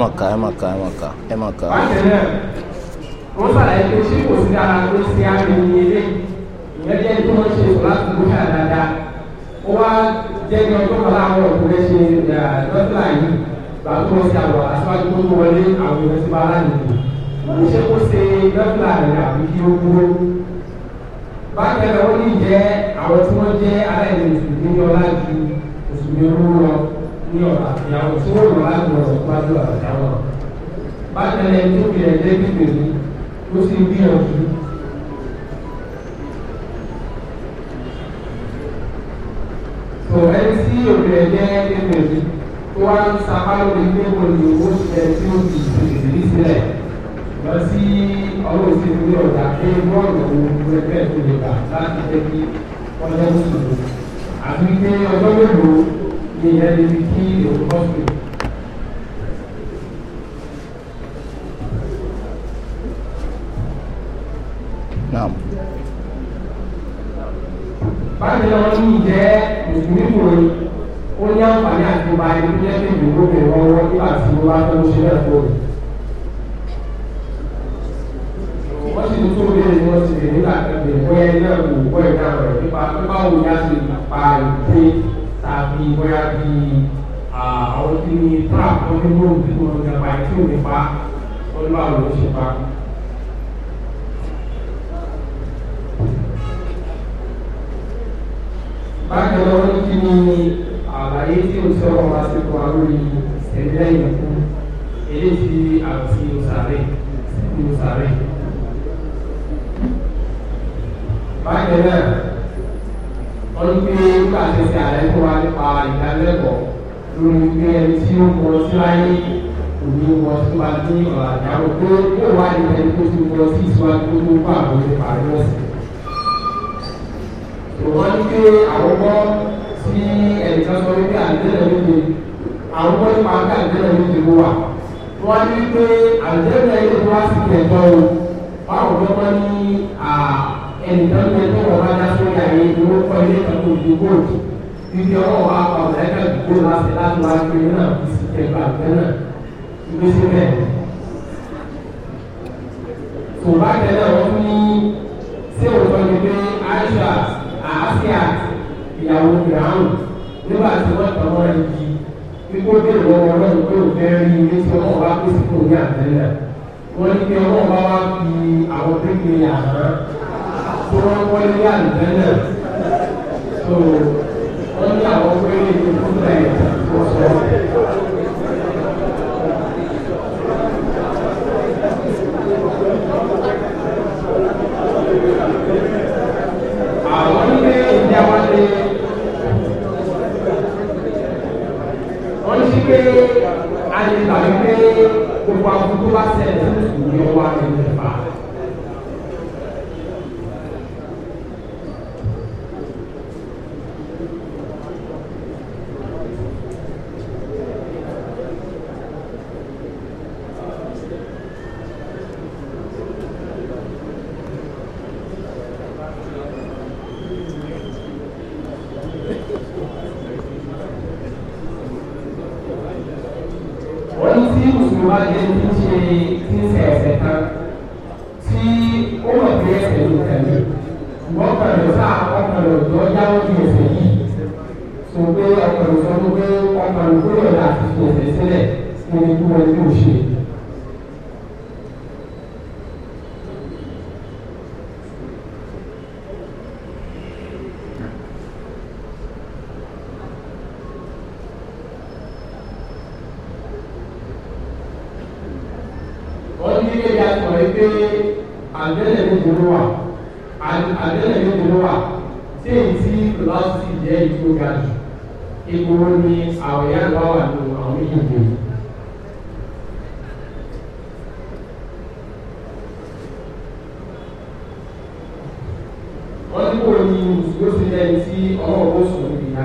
mọ̀ká ẹ mọ̀ká ẹ mọ̀ká ẹ mọ̀ká. wọ́n ṣàlàyé pé ṣé kò sí dára pé sí àmì ní ilé ìyẹn jẹ́ tó wọ́n ṣe láti mú dáadáa ó wá jẹ́ ní ọjọ́ kan láwọn ọkùnrin ṣe lọ́sílà yìí bàbá tó wọ́n ṣe àwọ̀ aṣáájú tó wọlé àwọn ìrẹsì bá aláìní. wọ́n ṣe kó ṣe lọ́sílà rẹ̀ àbí kí ó dúró bákan náà wọ́n ní jẹ́ àwọn tí wọ́n jẹ́ aláìní mùsùlùmí ní ọlá ju mùsùlùmí olówó lọ ní ọ̀la ìyàwó tí wọ́n lọ láti ọ̀sán pàdé àgbà wọn. bákan náà tó fi ẹ̀jẹ̀ bíbè ní ó sì gbìyànjú. tó ẹni tí òbí ẹ̀jẹ̀ bíbè ní tó wá ń sapá lórí pé mo lè owó tí ó ti ṣe ìdílé sílẹ̀ lọ sí àwọn òṣèlú ní ọ̀dà pé bọ́ọ̀lù òun ẹgbẹ́ tó lè gbà láti jẹ́ kí wọ́n lọ sùn àbí pé ọjọ́ mélòó ni ìyẹn lè fi kí òun bọ́ sùn. Naam. Báyìí lọ ní ìjẹ́ ìgbìmọ̀ òní, ó ní àǹfààní àti ìgbà ìdílé tó ìdìbò bẹ̀rẹ̀ ọwọ́ nígbà tí wọ́n bá tó ń ṣe lẹ́kọ̀ọ́ rẹ̀. tuntun tó lè ní wọ́n ti lè nígbà kẹ́kẹ́ bóyá iná wò bóyá iná rẹ̀ nípa pípa wò ní a ti pa ìpè tàbí bóyá bí àwọn tí ní trap wọn ní bóyá òbí wọn ní apá tí ò ní pa wọn lọ àwọn oṣù pa. bákan náà wọ́n ti ní àlàyé tí o sọ̀rọ̀ wá sí wa lórí ẹ̀mí lẹ́yìn fún eléyìí àti òsàrè òsàrè bákan náà wọ́n ń gbé pàṣẹsẹ ààrẹ tó wá nípa ìdánilẹ́kọ̀ọ́ lórí pé ẹni tí ó mọ sí láyé òní wọ sí wa ní ọ̀rọ̀ àdáwọ̀ pé yóò wá ní ẹni tó ti mọ sí ìsíwájú tó tó bá àwọn ìpa àríwọ̀ sí. wọ́n ń gbé àwọ̀kọ́ sí ẹnìkan sọ wípé àdéhùn méje àwọ̀kọ́ nípa pé àdéhùn méje ló wà. wọ́n ní pé àdéhùn méje wá sí ẹ̀tọ́ o báwo ló wọ́n ní ẹnìkan tẹ tó wọn bá dá sórí ayé ìwé kọ́ ilé kan tó ju góòtù ibi ọwọ́ wa pa ọ̀rẹ́kà dùgbò láti láti wá gbé náà fi sì kẹgbà gbẹ náà gbé síbẹ̀. tòbá tẹ́lẹ̀ wọ́n ní sí òótọ́ ni pé Aisha àáfíà ìyàwó Ibrahim nígbà tí wọ́n tọ́ wọn yìí kíkó dé lọ́wọ́ ọlọ́run pé ò fẹ́ rí ilé tí ọmọ wa pèsè kò ní àtẹ́lẹ̀ wọ́n ní pé ọmọ wa wá fi àwọn bíríkì yà hàn án kó wọ́n wọlé ní so wọ́n ní àwọn péré ní fúnra ẹ̀ wọ́n wọ́n ní kò ní mùsùlùmí ó sì lẹ́yìn tí ọlọ́run ó sùn níbi ìyá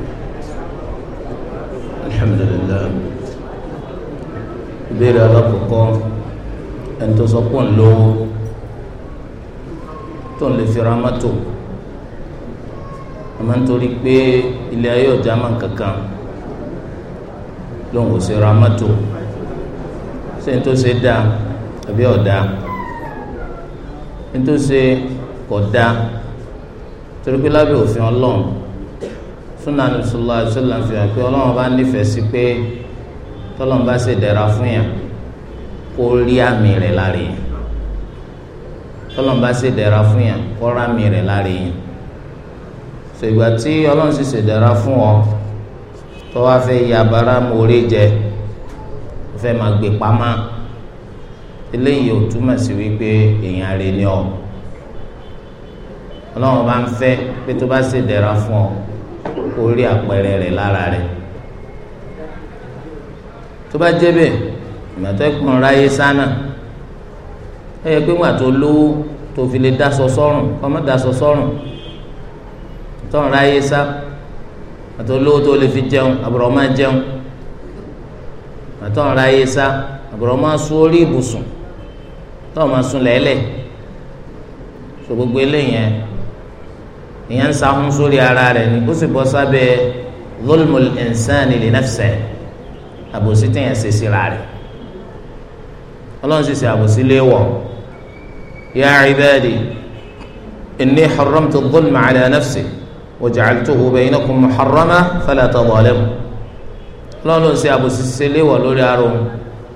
alhamdulillah ìbéèrè alákọ̀ọ́kọ́ ẹni tó sọ pé ń lówó tó ń lè fi ra mọ́tò àmọ́ nítorí pé ilé ayé ọ̀já máa ń kankan lóun kò sí ra mọ́tò ṣé ní tó ṣe dá àbí ọ̀dá ní tó ṣe kọ̀ dá torí pé lábẹ́ òfin ọlọ́run súnà nìṣúlá ṣọlá fi hàn pé ọlọ́run bá nífẹ̀ẹ́ sí pé tọ́lọ́run bá ṣe dẹ̀ra fún yàn kó rí àmì rẹ̀ lára yẹn tọ́lọ́run bá ṣe dẹ̀ra fún yàn kó rí àmì rẹ̀ lára yẹn ṣègbà tí ọlọ́run sì ṣe dẹ̀ra fún ọ tó wá fẹ́ ya bara mòórè jẹ fẹ́ máa gbé pamá eléyìí ò túmọ̀ sí wípé èèyàn rẹ̀ ni ọ ọlọ́run bá pé tó bá ṣe dẹ̀ra fún ọ. orí àpẹẹrẹ rẹ̀ lára rẹ̀ tó bá jẹ́ bẹ́ẹ̀ ráyé sánà ẹ yẹ pé wọn àti olówó tó fi lè dasọ sọ́rùn ọmọ dasọ sọ́rùn tọ́n ráyé sá àti olówó tó lè fi jẹun jẹun àtọ́n ráyé sá sún orí ibùsùn tọ́n máa sún lẹ́lẹ̀ so gbogbo eléyìí ìyẹn ń sahun sórí ara rẹ̀ ni ó sì bọ́ sábẹ́ zulmul insani li nafsi àbòsí tẹ̀yẹ̀ ṣe síra rẹ̀ ọlọ́run sì ṣe àbòsí léwọ̀ ya ibadi inni haramtu zulma ala nafsi wajacaltuhu baynakum muharrama fala tadalamu ọlọ́run ló ń ṣe àbòsí ṣe léwọ̀ lórí ara òun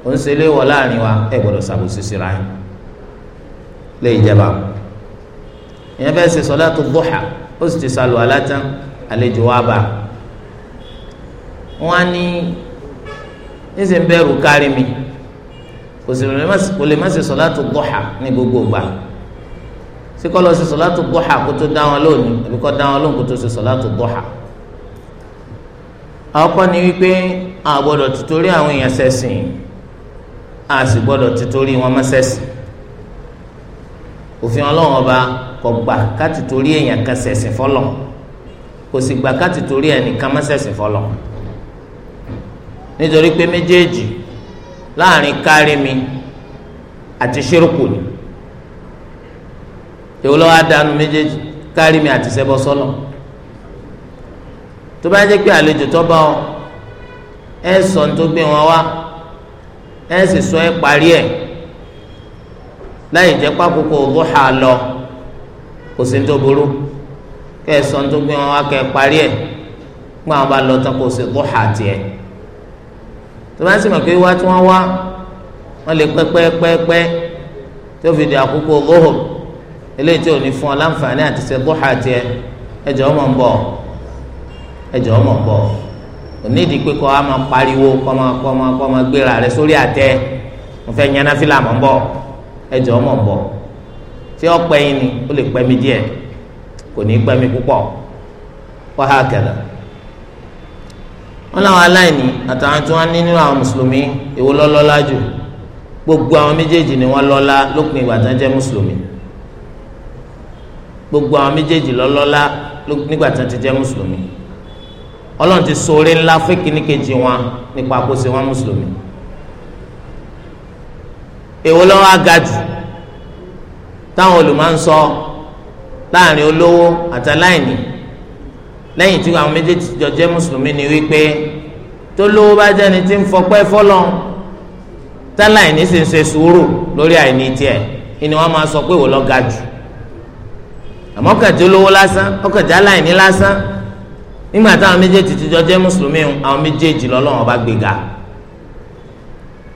ó ṣe léwọ̀ láàrin wa ẹ gbọ́dọ̀ ṣàbòsí síra yín lè jẹba ìyẹn fẹ́ ṣe sọlá tó dọ́xà ó sì ti sàlù alátán àlejò wa bá wọn á ní níṣẹ́ ń bẹ̀rù kárí mi kò sì lè má ṣe sọ̀látù dúhà ní gbogbo ìgbà tí kọ́ lọ sí sọ̀látù dúhà kó tó dá wọn lónìí àbí kọ́ dá wọn lónìí kó tó sí sọ̀látù dúhà. àkọ́kọ́ ni wípé a gbọ́dọ̀ tìtorí àwọn èèyàn ṣẹ̀sìn a tìtorí wọn má ṣẹ̀sìn òfin ọlọ́run ọba kò gbà káti torí èèyàn kan ṣẹ̀sìn fọlọ̀ kò sì gbà káti torí ẹnìkan má ṣẹ̀sìn fọlọ̀ nítorí pé méjèèjì láàrin kárí àti ṣírùkù ni èwo lọ́wọ́ àdánù méjèèjì kárí mi àti ṣẹbọ sọlọ tó bá jẹ́ pé àlejò tó bá ọ ẹ sọ ní tó gbé wọn wá ẹ sì sọ ẹ parí ẹ̀. láì jẹ́ pákókó ha lọ kò sí ní tó burú kẹsàn tó gbé wọn wá kẹ parí ẹ̀ gbọ́n àwọn bá lọ tán kò sí ha tiẹ̀ tó bá sì mọ̀ pé wá tí wọ́n wá wọ́n lè pẹ́pẹ́pẹ́pẹ́ tó fi di àkókò lóhò eléyìí tí ò ní fún ọ láǹfààní àti ọmọ ń ọmọ ń pé ẹjọ́ ọmọ bọ tí ó pẹ́ yín ni ó lè pẹ́ mi kò ní pẹ́ mi púpọ̀ wàhálà kẹlẹ wọn làwọn aláìní àtàwọn tí wọn ní nínú àwọn mùsùlùmí jù gbogbo àwọn méjèèjì ni wọn lọ́lá lópin ìgbà tí wọn jẹ́ mùsùlùmí gbogbo àwọn méjèèjì lọ́lọ́lá nígbà tí wọn ti èwo ló wá ga jù táwọn olùmọ̀ ń sọ láàrin olówó àtàláìní lẹ́yìn tí àwọn méjèèjì jọ jẹ́ mùsùlùmí ni wípé tó lówó bá jẹ́ni tí ń fọpẹ́ fọlọ́n táláìní sì ń ṣe sùúrù lórí àìní tiẹ̀ ni wọ́n máa sọ pé èwo ló jù àmọ́ kàtí olówó lásán ọkàtí aláìní lásán nígbà táwọn méjèèjì ti jọ jẹ́ mùsùlùmí àwọn méjèèjì lọ́lọ́run ọba gbéga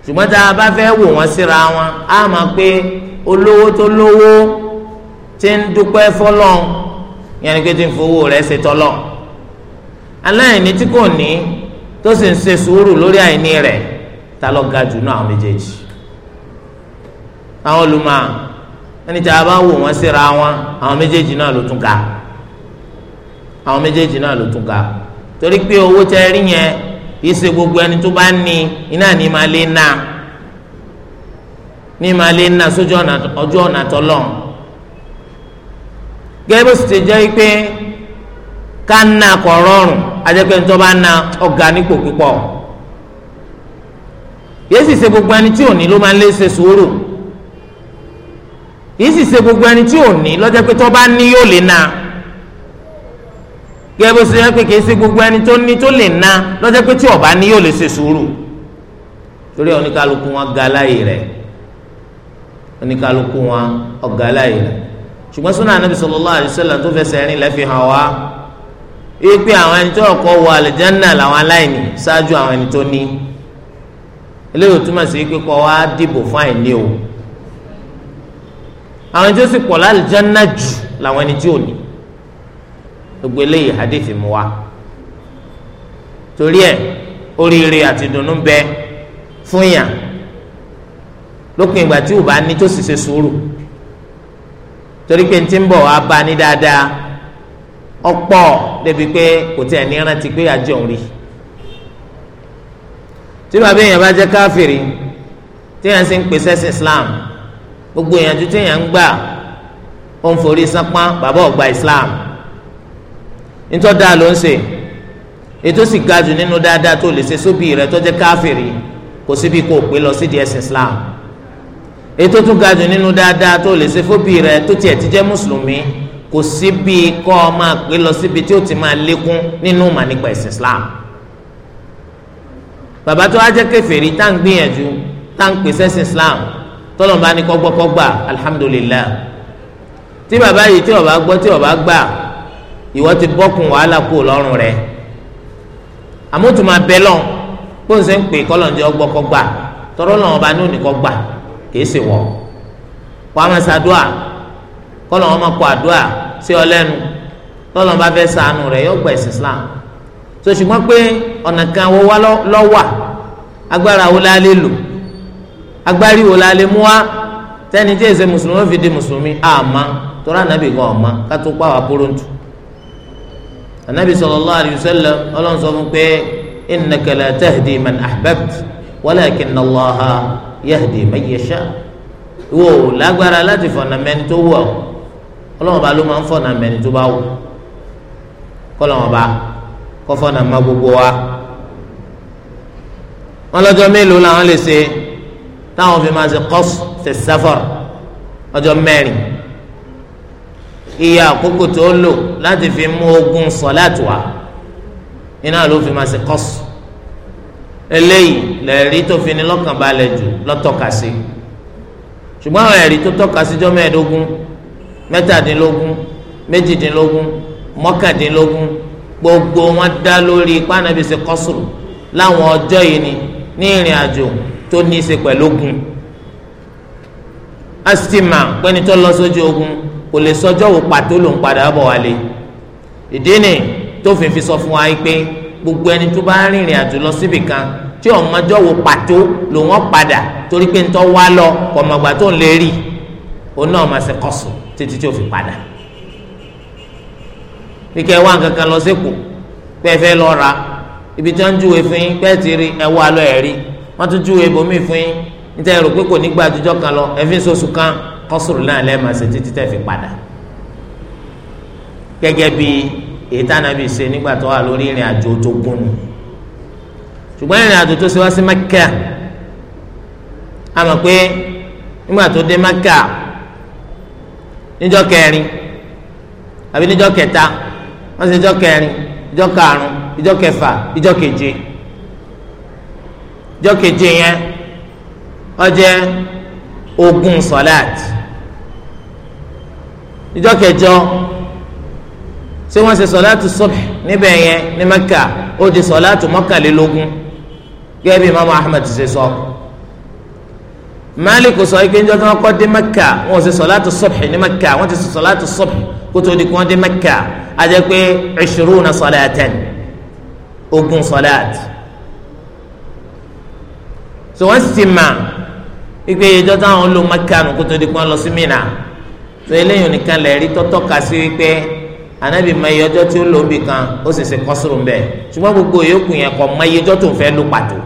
ṣùgbọ́n tá a bá fẹ́ wò wọ́n síra wọn á máa pé olówó tó lówó ti ń dúpẹ́ fọlọ́n yẹn ni pé ti ń fowó rẹ̀ ṣe tọ́lọ̀ aláìní tí kò ní tó sì ń ṣe sùúrù lórí àìní rẹ̀ ta ló ga jù náà àwọn méjèèjì àwọn olùmọ̀ ẹni tí a bá wò wọ́n síra wọn àwọn méjèèjì náà ló tún ga àwọn méjèèjì náà ló tún ga torí pé owó tẹ́ rí yẹn kìí gbogbo ẹni tó bá ní iná ní máa lé ná ní lé ná sójú ọjọ́ ọ̀nà tọ́lọ̀ gẹ́gẹ́ bó sì ti jẹ́ pé ká ná kọ̀ rọrùn ajẹ́pẹ́ ní tó bá ná ọ̀gá nípò púpọ̀ yìí sì gbogbo ẹni tí ò ní ló máa ń lé ṣe yìí sì gẹ́gẹ́ bó ṣe yẹ pé kìí ṣe gbogbo ẹni tó ní tó lè na lọ́jọ́ pé tí ọ̀bá ní yóò lè ṣe sùúrù torí oníkálukú wọn ga láàyè rẹ̀ oníkálukú wọn ọ̀gá láàyè rẹ̀ ṣùgbọ́n súnà anábì sallallahu alaihi wasallam tó fẹsẹ̀ rìn lẹ́fi hàn wá yìí pé àwọn ẹni tó ọkọ̀ wọ àlùjánnà làwọn aláìní ṣáájú àwọn ẹni tó ní eléyìí túmọ̀ sí pé kọ́ wá dìbò fún àìní o àwọn ẹni tó sì pọ̀ lálùjánnà jù làwọn ẹni tí ò ní gbogbo eléyìí hadithi mu wa torí ẹ oríire àti dùnnú bẹ fún yàn lópin ìgbà tí o bá ní tó sì ṣe sùúrù torí pé n ti ń bọ̀ wá bá ní dáadáa ọ̀pọ̀ débi pé kò tí ẹ̀ ní rántí pé àjọ ń rí tí bàbá èèyàn bá jẹ́ káfìrí tí èèyàn sì ń pèsè Islam gbogbo èèyàn tó tí èèyàn ń gbà ó ń forí sánpọ́n bàbá ọ̀gbà Islam ntọ́ da ló ń ṣe ètò sì ga jù nínú dáadáa tó lè ṣe sóbì rẹ tó jẹ́ káfìrí kò síbi kò pé lọ sídìí ẹ̀sìn Islam ètò tún ga jù nínú dáadáa tó lè ṣe fóbì rẹ tó tiẹ̀ ti jẹ́ mùsùlùmí kò síbi kọ́ ọ máa pé lọ síbi tí ó ti máa lékún nínú mà nípa ẹ̀sìn Islam bàbá tó wá jẹ́ kèfèrí tá à ń gbìyànjú tá à ń pèsè ẹ̀sìn Islam tọ́lọ́mùbá ni kọ́gbọ́kọ́gbà alhamdulillah tí bàbá yìí tí ó bá gbọ́ tí ó bá gbà ìwọ ti bọ́kùn wàhálà rẹ àmótù máa bẹ ń pè kọ́lọ́ǹdé ọgbọ́ kọ́ ní kìí sì kọ àdúà sí ọ lẹ́nu bá sànù yóò Islam tó ṣùgbọ́n pé ọ̀nà kan wo wá lọ́wà agbára wo la lè lò agbárí wo la lè mú tẹ́ni tí èsè mùsùlùmí fi di mùsùlùmí àmà tọ́lá nàbì ọ̀ma anabi sallallahu alayhi wa sallam ọlọ́run sọ fún pé innaka la tahdi man ahbabt walakin allaha yahdi man yasha ìwọ ò lágbára láti fọ̀nà mẹ́ni tó wù ọ́ ọlọ́run bá ló máa ń fọ̀nà mẹ́ni tó bá wù kọ́lọ́run bá kọ́ fọ̀nà má gbogbo wa wọn lọ́jọ́ mélòó làwọn lè ṣe táwọn fi máa ṣe qasr fi safar ọjọ́ mẹ́rin iye àkókò tó lò láti fi mú ogún sọláàtì wá iná ló fi máa ṣe kọ́sù eléyìí lẹ́ẹ̀rí tó fi ni lọ́kàn balẹ̀ jù lọ́tọ́ka sí ṣùgbọ́n àwọn ẹ̀rí tó tọ́ka síjọ́ mẹ́ẹ̀ẹ́dógún mẹ́tàdínlógún méjìdínlógún mọ́kàndínlógún gbogbo wọn dá lórí ipá ṣe kọ́sùrù láwọn ọjọ́ yìí ni ní ìrìn àjò tó ní í ṣe pẹ̀lú ogun a pẹ́ni tó lọ sójú ogun kò lè sọjọ́ wò pàtó ló ń padà bọ̀ wálé ìdí ni tó fi fi sọ fún wa pé gbogbo ẹni tó bá ń rìnrìn àjò lọ síbì kan tí ọmọjọ́ wò pàtó ló wọ́n padà torí pé ń tọ́ wá lọ kọ̀mọ̀gbà tó ń lè rí òun náà máa ṣe kọ́sù títí tí ó fi padà kíkẹ́ wá nǹkan kan lọ sépò pé ẹ fẹ́ lọ ra ibi tí wọ́n ń júwe fún yín pé ẹ ti rí ẹ wá lọ ẹ̀ wọ́n tún júwe bòmíì fún yín níta ẹ pé kò ní gbàdújọ́ kan lọ ẹ fi ń sọ oṣù kan kọ́sùrù náà lẹ́ẹ̀ma ṣe títí tẹ́ fi padà gẹ́gẹ́ bí èyí tánàbí ṣe nígbà tó wà lórí ìrìn àjò tó gún ṣùgbọ́n ìrìn àjò tó ṣe wá sí Mẹ́kà a mọ̀ pé nígbà tó dé Mẹ́kà níjọ́ kẹrin àbí níjọ́ kẹta wọ́n ṣe níjọ́ kẹrin níjọ́ karùn-ún níjọ́ kẹfà níjọ́ ìjọ kẹjọ ṣé wọ́n ṣe sọ̀láàtù subh níbẹ̀ yẹn ní mẹ́kà ó di sọ̀láàtù mọ́kànlélógún gẹ́gẹ́ bí imaamu ahmed ṣe sọ máàlìkù sọ ike njọ́ tí wọ́n kọ́ dé mẹ́kà wọ́n ṣe sọ̀láàtù subh ní mẹ́kà wọ́n ti ṣe sọ̀láàtù subh kótó di kí wọ́n dé mẹ́kà á jẹ́ pé ishiruna salatan ogún sọ̀láàtù so sì ti mà ike ìjọ táwọn lò mẹ́kà kótó di kí lọ sí mìíràn tó eléyìí nìkan lè rí tọ́tọ́ ka sí wípé anabi mayi ọjọ́ tí ó lò bì kan ó sì ṣe kọ́sùrù ń bẹ̀ ṣùgbọ́n gbogbo yòókù yẹn kọ́ mayi ọjọ́ tó ń fẹ́ ló pàtó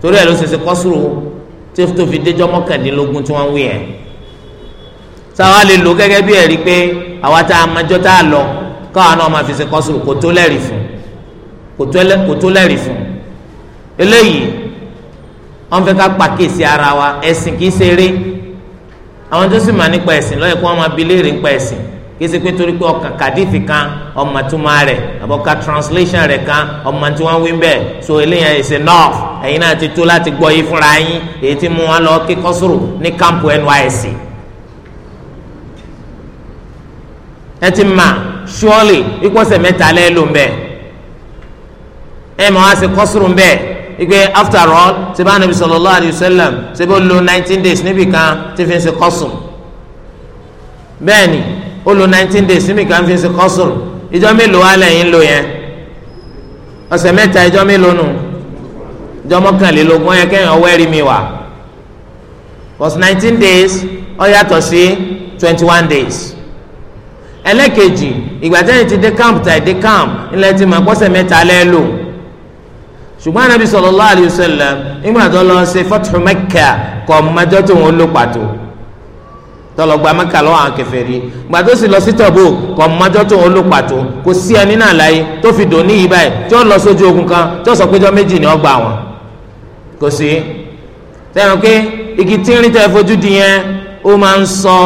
torí ẹ̀ ló ṣe ṣe kọ́sùrù tí ó fi déjọ́ mọ́kàndínlógún tí wọ́n ń wí yẹn sáwa lè lò gẹ́gẹ́ bí ẹ̀rí pé àwa tá a májọ́ tá a lọ káwa náà máa fi ṣe kọ́sùrù kò tó lẹ́rìí fún kò tó lẹ́rìí fún eléyìí wọ́n fẹ́ ká pàkíyèsí ara wa ẹ̀sìn kìí ṣeré àwọn tó sì mà nípa ẹ̀sìn lọ́yẹ̀ kó wọ́n máa bi léèrè nípa ẹ̀sìn kí ṣe pé torí pé ọkàn kàdífì kan ọmọ túmọ̀ rẹ̀ àbọ̀ka translation rẹ̀ kan ọmọ tí wọ́n wí ń bẹ̀ so eléyàn ẹ̀sìn náà ẹ̀yin náà ti tó láti gbọ́ yìí fúnra yín èyí tí mú wọn lọ kíkọ́ sòrò ní kámpù NYSC. ẹ ti mà surely ikú ọ̀sẹ̀ mẹ́ta lẹ́ẹ̀ ló ń bẹ̀ ẹ̀ mọ̀ wá sí kọ́sùrù ń bẹ̀ igbe after all sebe anabi sallallahu alayhi wa sallam sebe ó lò nineteen days níbi kan tí fi ń ṣe kọ́sùn bẹ́ẹ̀ni ó lò nineteen days níbi kan fi ń ṣe kọ́sùn ìjọ mélòó alẹ́ yìí ń yẹn ọ̀sẹ̀ mẹ́ta ìjọ mélòó nù ìjọ mọ́kànlélógún ọ̀yẹ́ kẹ́yìn ọwọ́ rí mi wá because nineteen days ó yàtọ̀ sí twenty one days ẹlẹ́kejì ìgbà tẹ́yìn ti dé camp tàì dé camp ńlẹ́ ti mẹ́ta lẹ́ẹ̀ ṣùgbọ́n anabi sallallahu alayhi wa sallam ìgbà tó lọ ṣe fathu mẹ́kà kọ́ mẹ́jọ tó wọn ló pàtó tọlọgba mẹ́kà lọ́wọ́ àwọn kèfèrí gbà tó sì lọ sí tọ̀bù kọ́ mẹ́jọ tó wọn ló pàtó kò sí ẹni náà láyé tó fi dòní yìí báyìí tí ó lọ sójú ogun kan tí ó sọ pé méjì ni ó gbà wọn kò sí sẹ́yìn pé igi tínrín tẹ́ fojú di yẹn ó máa ń sọ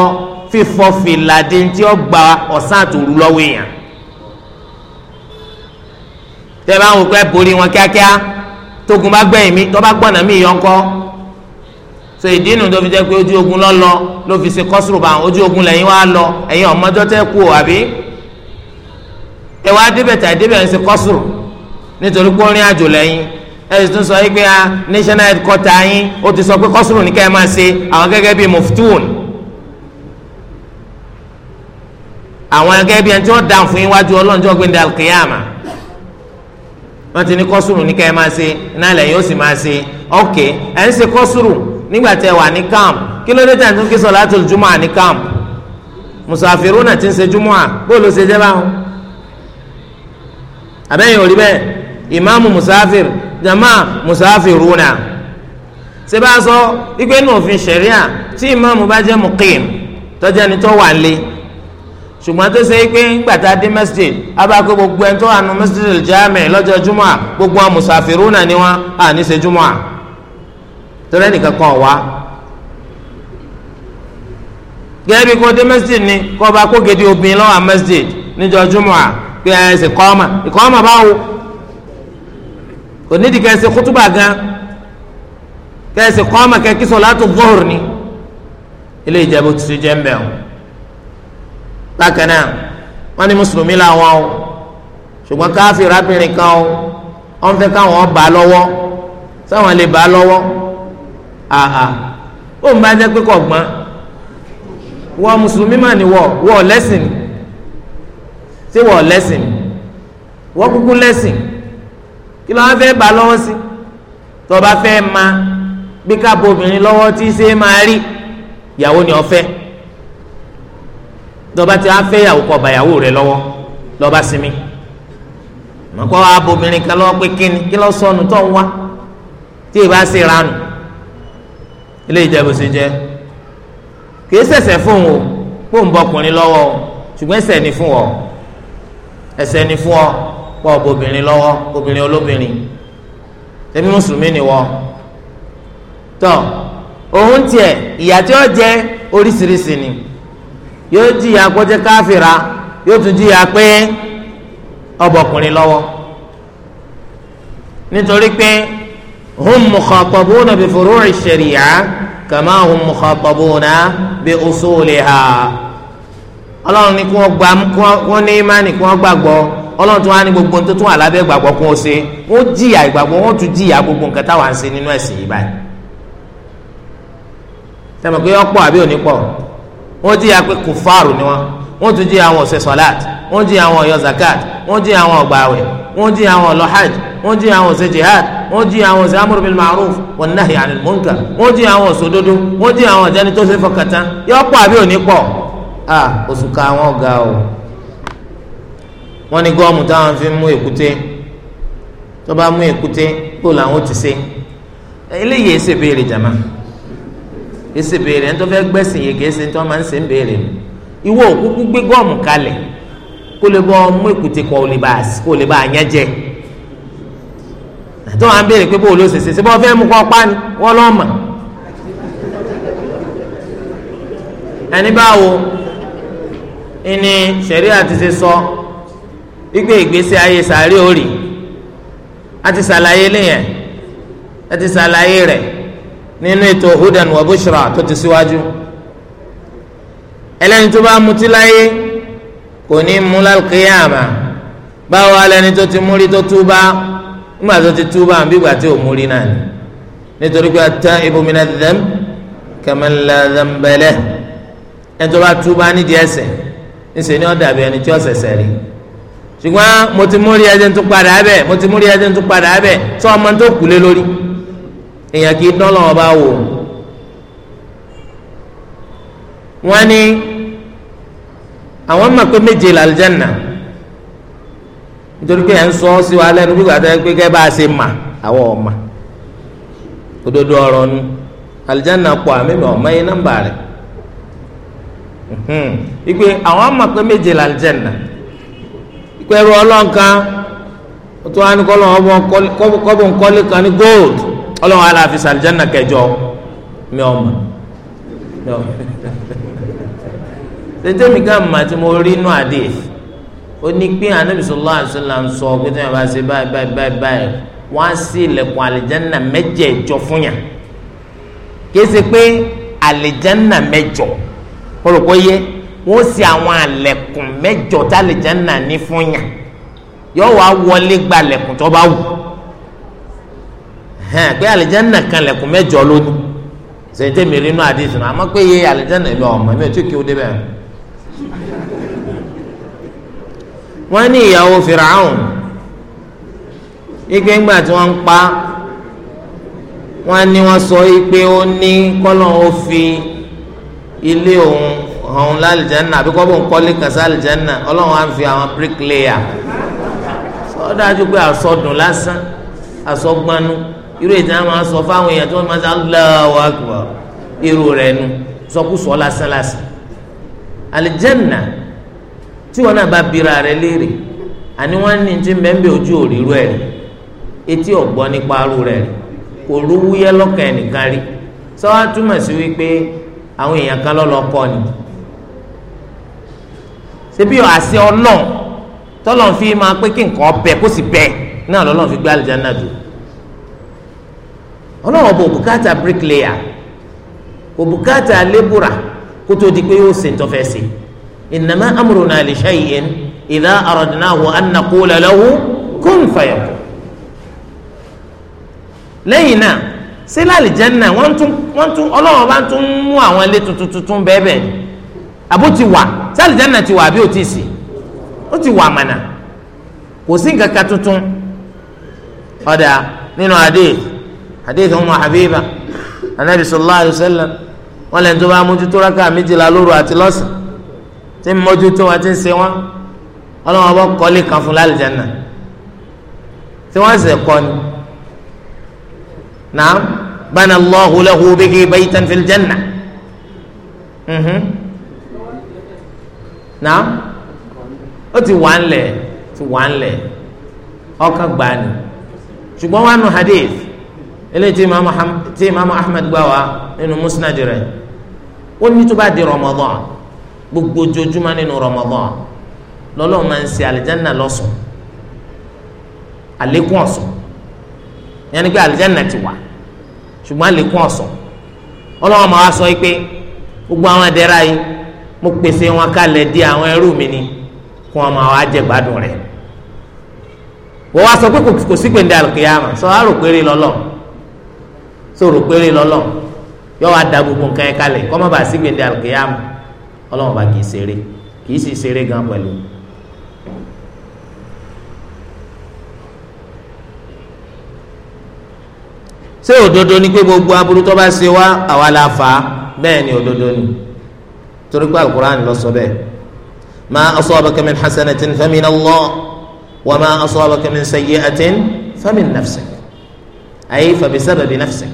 fífọ́ fìlà dé tí ó gba ọ̀sán àtòrú lọ́wọ́ èèyàn tẹ́ bá ń wò pé borí wọn kíákíá tógun bá gbẹ̀yìn mi tó bá gbọ̀nà mí yọ ńkọ́ so ìdínú tó fi jẹ́ pé ojú ogun lọ́ lọ ló fi ṣe kọ́sùrù bá àwọn ojú ogun lẹ́yìn wá lọ ẹ̀yin ọ̀mọ́jọ́ tẹ́ kú o àbí ẹ wá débẹ̀ tà débẹ̀ ń ṣe kọ́sùrù nítorí pé ó rìn àjò lẹ́yìn ẹ sì tún sọ yìí pé national headquarter yín ó ti sọ pé kọ́sùrù ní ká ẹ máa ṣe àwọn gẹ́gẹ́ bíi muftuun àwọn gẹ́gẹ́ bíi ẹni tí wọ́n dàn fún iwájú ọlọ́njọ́ gbẹ̀ndẹ̀ alkiyama wọ́n ti ní kọ́sùrù ní ká ẹ máa ṣe náà lẹ́yìn ó sì máa ṣe ok ẹ̀ ń ṣe kọ́sùrù nígbà tẹ wà ní camp kí ló dé tẹ̀ tún kí sọ̀látul jumu'a ní camp mùsàfìrún náà ti ń ṣe jumu'a bóòlù ṣe jẹ́ báwọn. àbẹ́yìn ò bẹ́ẹ̀ ìmáàmù mùsàfìr jama mùsàfìrún náà ṣe bá a sọ ikú ẹnu òfin ṣẹ̀ríà tí ìmáàmù bá jẹ́ muqim tọ́jú ẹni tó wà lé ṣùgbọ́n tó ṣe é pé ńgbàtà dé masjid abáko gbogbo ẹni tó wà nù masjid al-jami lọ́jọ́ jumọ́ à gbogbo àwọn mùsàfìrú náà ni wọ́n à ní ṣe jumọ́ à torí ẹnìkan kan wá. gẹ́gẹ́ bí kò dé masjid ni kò bá kó gèdè obìnrin lọ́wọ́ à masjid níjọ́ jumọ́ à pé ẹ̀ ṣe kọ́ ọmọ ìkọ́ ọmọ báwo kò ní ìdíkẹ́ ṣe kútúbà gan kẹ́ ẹ̀ ṣe kọ́ ọmọ kẹ́ kí bákan náà wọ́n ní mùsùlùmí làwọn o ṣùgbọ́n káfíìrì abìnrin kan o wọ́n fẹ́ káwọn bá lọ́wọ́ sáwọn lè bá lọ́wọ́ àhà ó ń bá jẹ́ pé kò gbọ́n wọ́n mùsùlùmí mà ní wọ́ wọ́ lẹ́sìn ṣé wọ́ lẹ́sìn wọ́n kúkú lẹ́sìn kí ló wá fẹ́ bá lọ́wọ́ sí tó bá fẹ́ ma bí ká bo obìnrin lọ́wọ́ tí ṣe máa rí ìyàwó ni ọ fẹ́ dọba ti afẹ́ yàwó kọ bàyàwó rẹ lọ́wọ́ lọ́ba sinmi mọ̀kọ́ abòmìnrin kan lọ́wọ́ pé kíni kí lọ́ọ́ sọnù tó ń wá tí ì bá sì ranù ilé ìjẹ́bù sí jẹ́ kìí ṣẹ̀ṣẹ̀ fún o kó ń bọkùnrin lọ́wọ́ o ṣùgbọ́n ẹ̀ṣẹ̀ ni fún ọ ẹ̀ṣẹ̀ ni fún ọ pọ̀ bòbìnrin lọ́wọ́ obìnrin olóbìnrin tẹ́mi mùsùlùmí ni wọ́n tọ́ òun tiẹ̀ ìyà tí ó jẹ oríṣiríṣi ni yóò jìyà kọjá káfíra yóò tún jìyà pé ọbọkùnrin lọ́wọ́ nítorí pé hum mukhatabuna bi furu'i sharia kama hum mukhatabuna bi usuliha ọlọ́run ní kí wọ́n gba kí wọ́n ní imáni kí wọ́n gbàgbọ́ ọlọ́run tó wá ní gbogbo tó tún àlábẹ́ gbàgbọ́ kó o ṣe wọ́n jìyà ìgbàgbọ́ wọ́n tún jìyà gbogbo nǹkan táwa ń ṣe nínú ẹ̀sìn yìí báyìí. sẹ́mi pé ọ̀pọ̀ àbí òní pọ̀ wọ́n jìyà pé kùfàrù ni wọ́n wọ́n tún jìyà àwọn ọ̀sẹ̀ sọ̀láàtì wọ́n jìyà àwọn ọ̀yọ́ zakat wọ́n jìyà àwọn ọ̀gbàwẹ̀ wọ́n jìyà àwọn ọ̀lọ́hajj wọ́n jìyà àwọn ọ̀sẹ̀ jihad wọ́n jìyà àwọn ọ̀sẹ̀ amúrú bil ma'ruf wan nahy anil munkar wọ́n jìyà àwọn ọ̀sẹ̀ òdodo wọ́n jìyà àwọn ọ̀jẹ́ni tó ṣe fọkàtà yọ pọ̀ àbí òní pọ̀ a oṣù ká wọn ga o wọ́n ní gọ́ọ̀mù táwọn fi mú èkúté tó bá mú èkúté kó làwọn ti ṣe eléyìí èsè èsì béèrè ẹni tó fẹ́ gbẹ́sìn yege èsì tí wọ́n máa ń sè ń béèrè mu ìwọ òkúkú gbé gọ́ọ̀mù kalẹ̀ kó lè bọ́ ọmú èkúté kọ́ olè bá kó lè bá àyàn jẹ àti wọn á béèrè pé bóòlù òṣèṣe ṣe bọ́ fẹ́ mú kọ́ pa wọ́n lọ́ mà ẹni báwo ẹni ṣẹ̀ríà ti ṣe sọ wípé ìgbésí ayé sàárè òrì àti ṣàlàyé lẹ́yìn àti ṣàlàyé rẹ̀ nínú ètò hudan wa bushra tó ti síwájú ẹlẹ́ni tó bá mutí láyé kò ní mú lálùkìyàmà báwo alẹ́ni tó ti múrí tó túbá nígbà tó ti túbá àbí ìgbà tí ò múrí náà ni nítorí pé at-taibu min adh-dhanb kaman la dhanba ẹni tó bá túbá nídìí ẹ̀ṣẹ̀ ńṣe ni ó dàbí ẹni tí ó ṣẹ̀ṣẹ̀ rí ṣùgbọ́n mo ti múrí ẹni tó padà bẹ́ẹ̀ mo ti múrí ẹni tó padà bẹ́ẹ̀ sọ ọmọ tó kù lórí. èèyàn kì í dán wò wọ́n ní àwọn mọ̀ méje làlùjánnà nítorí pé ẹ̀ ń sọ ọ́ sí wa lẹ́nu bí gbàtà pé kẹ́ bá a ṣe mà àwọn ọ̀ma òdodo ọ̀rọ̀ nu àlùjánnà pọ̀ àmì ọ̀ma yẹn nọ́mbà rẹ̀ ìpè àwọn méje ìpè ẹrù gold. ọlọ́run aláàfin sàlìjánà kẹjọ mi ọmọ mi ọmọ tètè mi ká mà tí mo rí inú àdé ó ní pé anabi sallallahu alaihi wasallam sọ pé tí wọn bá ṣe báyìí báyìí báyìí báyìí wọn á sí ilẹ̀kùn àlìjánà mẹ́jẹ̀ẹ̀jọ fún yàn kìí ṣe pé àlìjánà mẹ́jọ kọlọ kọ yẹ wọn sì àwọn àlẹ̀kùn mẹ́jọ tá àlìjánà ní fún yàn yọ wá wọlé gba àlẹ̀kùn tó bá wù. hàn pé alìjánà kan lẹ̀kùn mẹ́jọ lónìí sèǹtẹ̀ mi inú àdìsí náà àmọ́ pé iye alìjánà ìlú ọmọ mi ò tí kí o wọ́n ní ìyàwó fìràhùn ìgbẹ́ ńgbà tí wọ́n ń pa wọ́n ní wọ́n sọ pé ó ní fi ilé òun hàn lálìjánà àbí kọ́ bó ń kọ́lé kan sálìjánà ọlọ́run á fi àwọn bricklayer sọ́dájú pé lásán irú ètò àwọn máa sọ fáwọn èèyàn tí wọ́n máa sọ Allahu Akbar irú rẹ̀ nu sọkúsọ lásánlásán alìjẹ́nà tí wọn náà bá bira rẹ̀ léèrè àní wọ́n ní ti mẹ́ńbẹ́ ojú òrírú ẹ̀ etí ọ̀gbọ́n nípa arú rẹ̀ kò lówúyẹ́ lọ́kàn ẹnìkan rí sọ́wọ́n túmọ̀ sí wípé àwọn èèyàn kan lọ́lọ́ kọ́ ni ṣebí àṣẹ ọlọ́ọ̀ tọ́lọ́ọ̀ fi máa pé kí nǹkan ọbẹ̀ kó sì bẹ̀ náà lọ́lọ́ọ̀ fi gbé alìjẹ́nà dùn ọlọ́run ọba òbúkátà bricklayer òbúkátà lébùrà kó tó di pé yóò ṣe ntọ́fẹ́ sí innama amruna li shay'in idha aradnahu an naqula lahu kun fayakun. lẹ́yìn náà sílẹ̀ àlìjẹ́nà wọ́n tún wọ́n tún ọlọ́run bá tún mú àwọn ilé tuntun tuntun bẹ́ẹ̀ bẹ́ẹ̀ àbó ti wà sí àlìjẹ́nà ti wà àbí ò ti sí ó ti wà mànà kò sí nǹkan kan tuntun ọ̀dà nínú adé hadith umu habiba anabi sallallahu alayhi wa sallam wọn lẹ́nu tó bá mójútó rákà méjìlá lóru àti lọ́sàn tí ń mójútó wọn ti ń ṣe wọn ọlọ́wọ́n bọ́ kọ́lé kan fún lálìjáná tí wọ́n sì kọ́ ni naam bana allahu lahu bihi baytan fil janna mhm naam ó ti wà ń ti wà ń ọkàn gbani ṣùgbọ́n wọn nu hadith eléyìí tí imaamu tí imaamu ahmed gbà wá nínú musnad rẹ̀ ó ní tó bá di rọmọdán gbogbo ojoojúmọ́ nínú rọmọdán lọ́lọ́run máa ń ṣe àlìjáná lọ́sùn àlékún ọ̀sùn yẹn ni pé àlìjáná ti wà ṣùgbọ́n àlékún ọ̀sùn ọlọ́run máa wá sọ pé gbogbo àwọn ẹ̀dẹ́ra yìí mo pèsè wọn kalẹ̀ di àwọn ẹrú mi ni kí wọ́n máa wá jẹ gbádùn rẹ̀ wọ́n wá sọ pé kò sí pèndé àlùkìyàmà sọ àròpéré lọ́lọ́run sọ̀rọ̀ péré lọ́lọ́ yóò wá da gbogbo nǹkan ẹ̀ kalẹ̀ kọ́ má bàa sí gbèndé àlùkìyàmù ọlọ́run bá kìí ṣeré kìí sì ṣeré gan pẹ̀lú. ṣé òdodo ni pé gbogbo aburú tó bá ṣe wá àwa la fà á bẹ́ẹ̀ ni òdodo ni torí pé alukur'an ló sọ bẹ́ẹ̀ ma asabaka min hasanatin famin Allah wa ma asabaka min sayyi'atin famin nafsik ay fa bisababi nafsik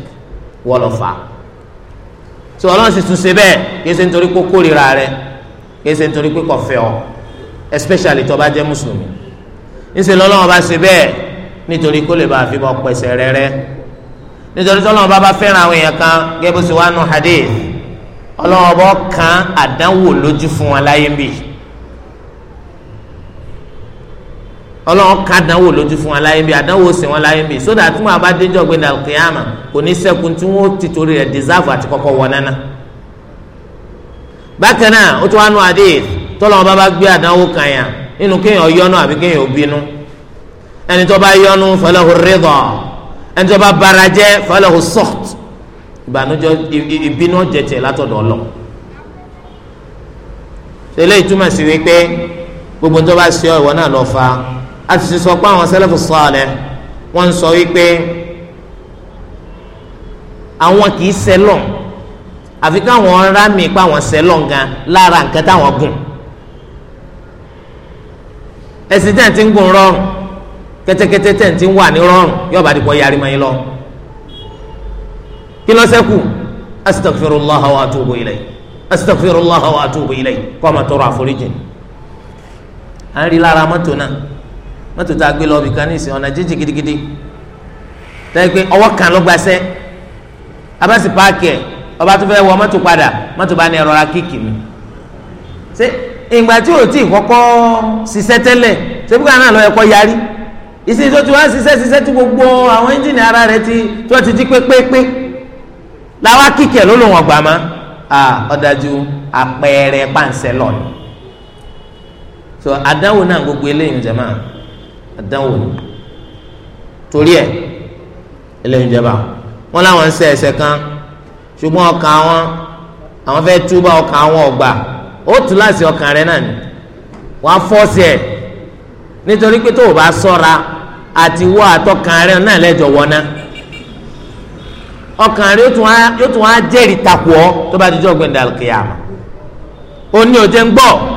wọ́n lọ fà á tí ọlọ́run sì tún ṣe bẹ́ẹ̀ kì í ṣe nítorí pé kórìíra rẹ kì í nítorí pé kò ọ especially tó bá jẹ́ mùsùlùmí ńṣe lọ́lọ́run bá ṣe bẹ́ẹ̀ nítorí kó lè bá a fi bọ́ pẹ̀sẹ̀ rẹ́rẹ́ nítorí tí ọlọ́run bá bá fẹ́ràn àwọn èèyàn kan gẹ́gẹ́ bó nù hadith ọlọ́run bọ́ kan àdánwò lójú fún wọn láyé bíi ọlọ́run ká dánwò lójú fún wa láyé bí àdánwò sìn wọn láyé bí sódà tí wọn bá déjọ́ gbé dàrú kìyàmà kò ní sẹ́kun tí wọ́n ti torí rẹ̀ dìsáàfù àti kọ́kọ́ wọ nánà. bákan náà ó tún wá nú adé tọ́lọ́ wọn bá bá gbé àdánwò kan yà nínú kéèyàn yọnu àbí kéèyàn bínú ẹni tó bá yọnu falahu ridha ẹni tó bá bara jẹ́ falahu suht ìbínú jẹ̀tẹ̀ látọ̀dọ̀ ọlọ́ eléyìí túmọ̀ sí ọ ìwọ náà lọ fa àti sọ pé àwọn sẹlẹfù wọn sọ wípé àwọn kì í sẹlọ àfi káwọn rámì pé àwọn sẹlọ gan lára nǹkan táwọn gùn ẹsìn tẹ̀ ń ti gùn rọrùn kẹ́tẹ́kẹ́tẹ́ tẹ̀ ń ti wà ní yóò bá yín lọ kí ló ṣẹ́kù astaghfirullah wa atubu ilayhi astaghfirullah tọrọ àforíjì náà. mọ́tò tá a gbé lọ bìkan ní ìsìn ọ̀nà jíjì gidigidi tẹ́lẹ̀ pé ọwọ́ kan ló gbaṣẹ́ abẹ́sì páàkì ẹ̀ ọba tó fẹ́ wọ mọ́tò padà mọ́tò bá ní ẹ̀rọra kíkì mi ṣé ìgbà tí o ti kọ́kọ́ ṣiṣẹ́ tẹ́lẹ̀ ṣé bùkún àná lọ ẹ̀kọ́ yarí ìsìn tó ti wá ṣiṣẹ́ ṣiṣẹ́ tí gbogbo àwọn ẹ́ńjìnì ara rẹ̀ ti tó ti di pépépé làwa kíkì ẹ̀ ló lò wọ́n gbà má ọ̀dájú àpẹẹrẹ pàǹsẹ̀ lọ́ọ̀ni so àdáwò náà gbogbo eléyìí jẹ́ máa àdánwò ni torí ẹ eléyìí jẹba wọn làwọn ń ṣe ẹ̀ṣẹ̀ kan ṣùgbọ́n ọkàn wọn àwọn fẹẹ túbọ̀ ọkàn wọn ọgbà ó tú láti ọkàn rẹ náà ni wọn á fọ́ọ̀sì ẹ nítorí pé tó o bá ṣọ́ra àti wọ àtọkàn rẹ náà lẹjọ wọná ọkàn rẹ yóò tún á jẹ́rìí takò ọ tó bá dijọ́ gbẹ̀ndàlùkìyàmà ó ní òjẹ́ ń gbọ́.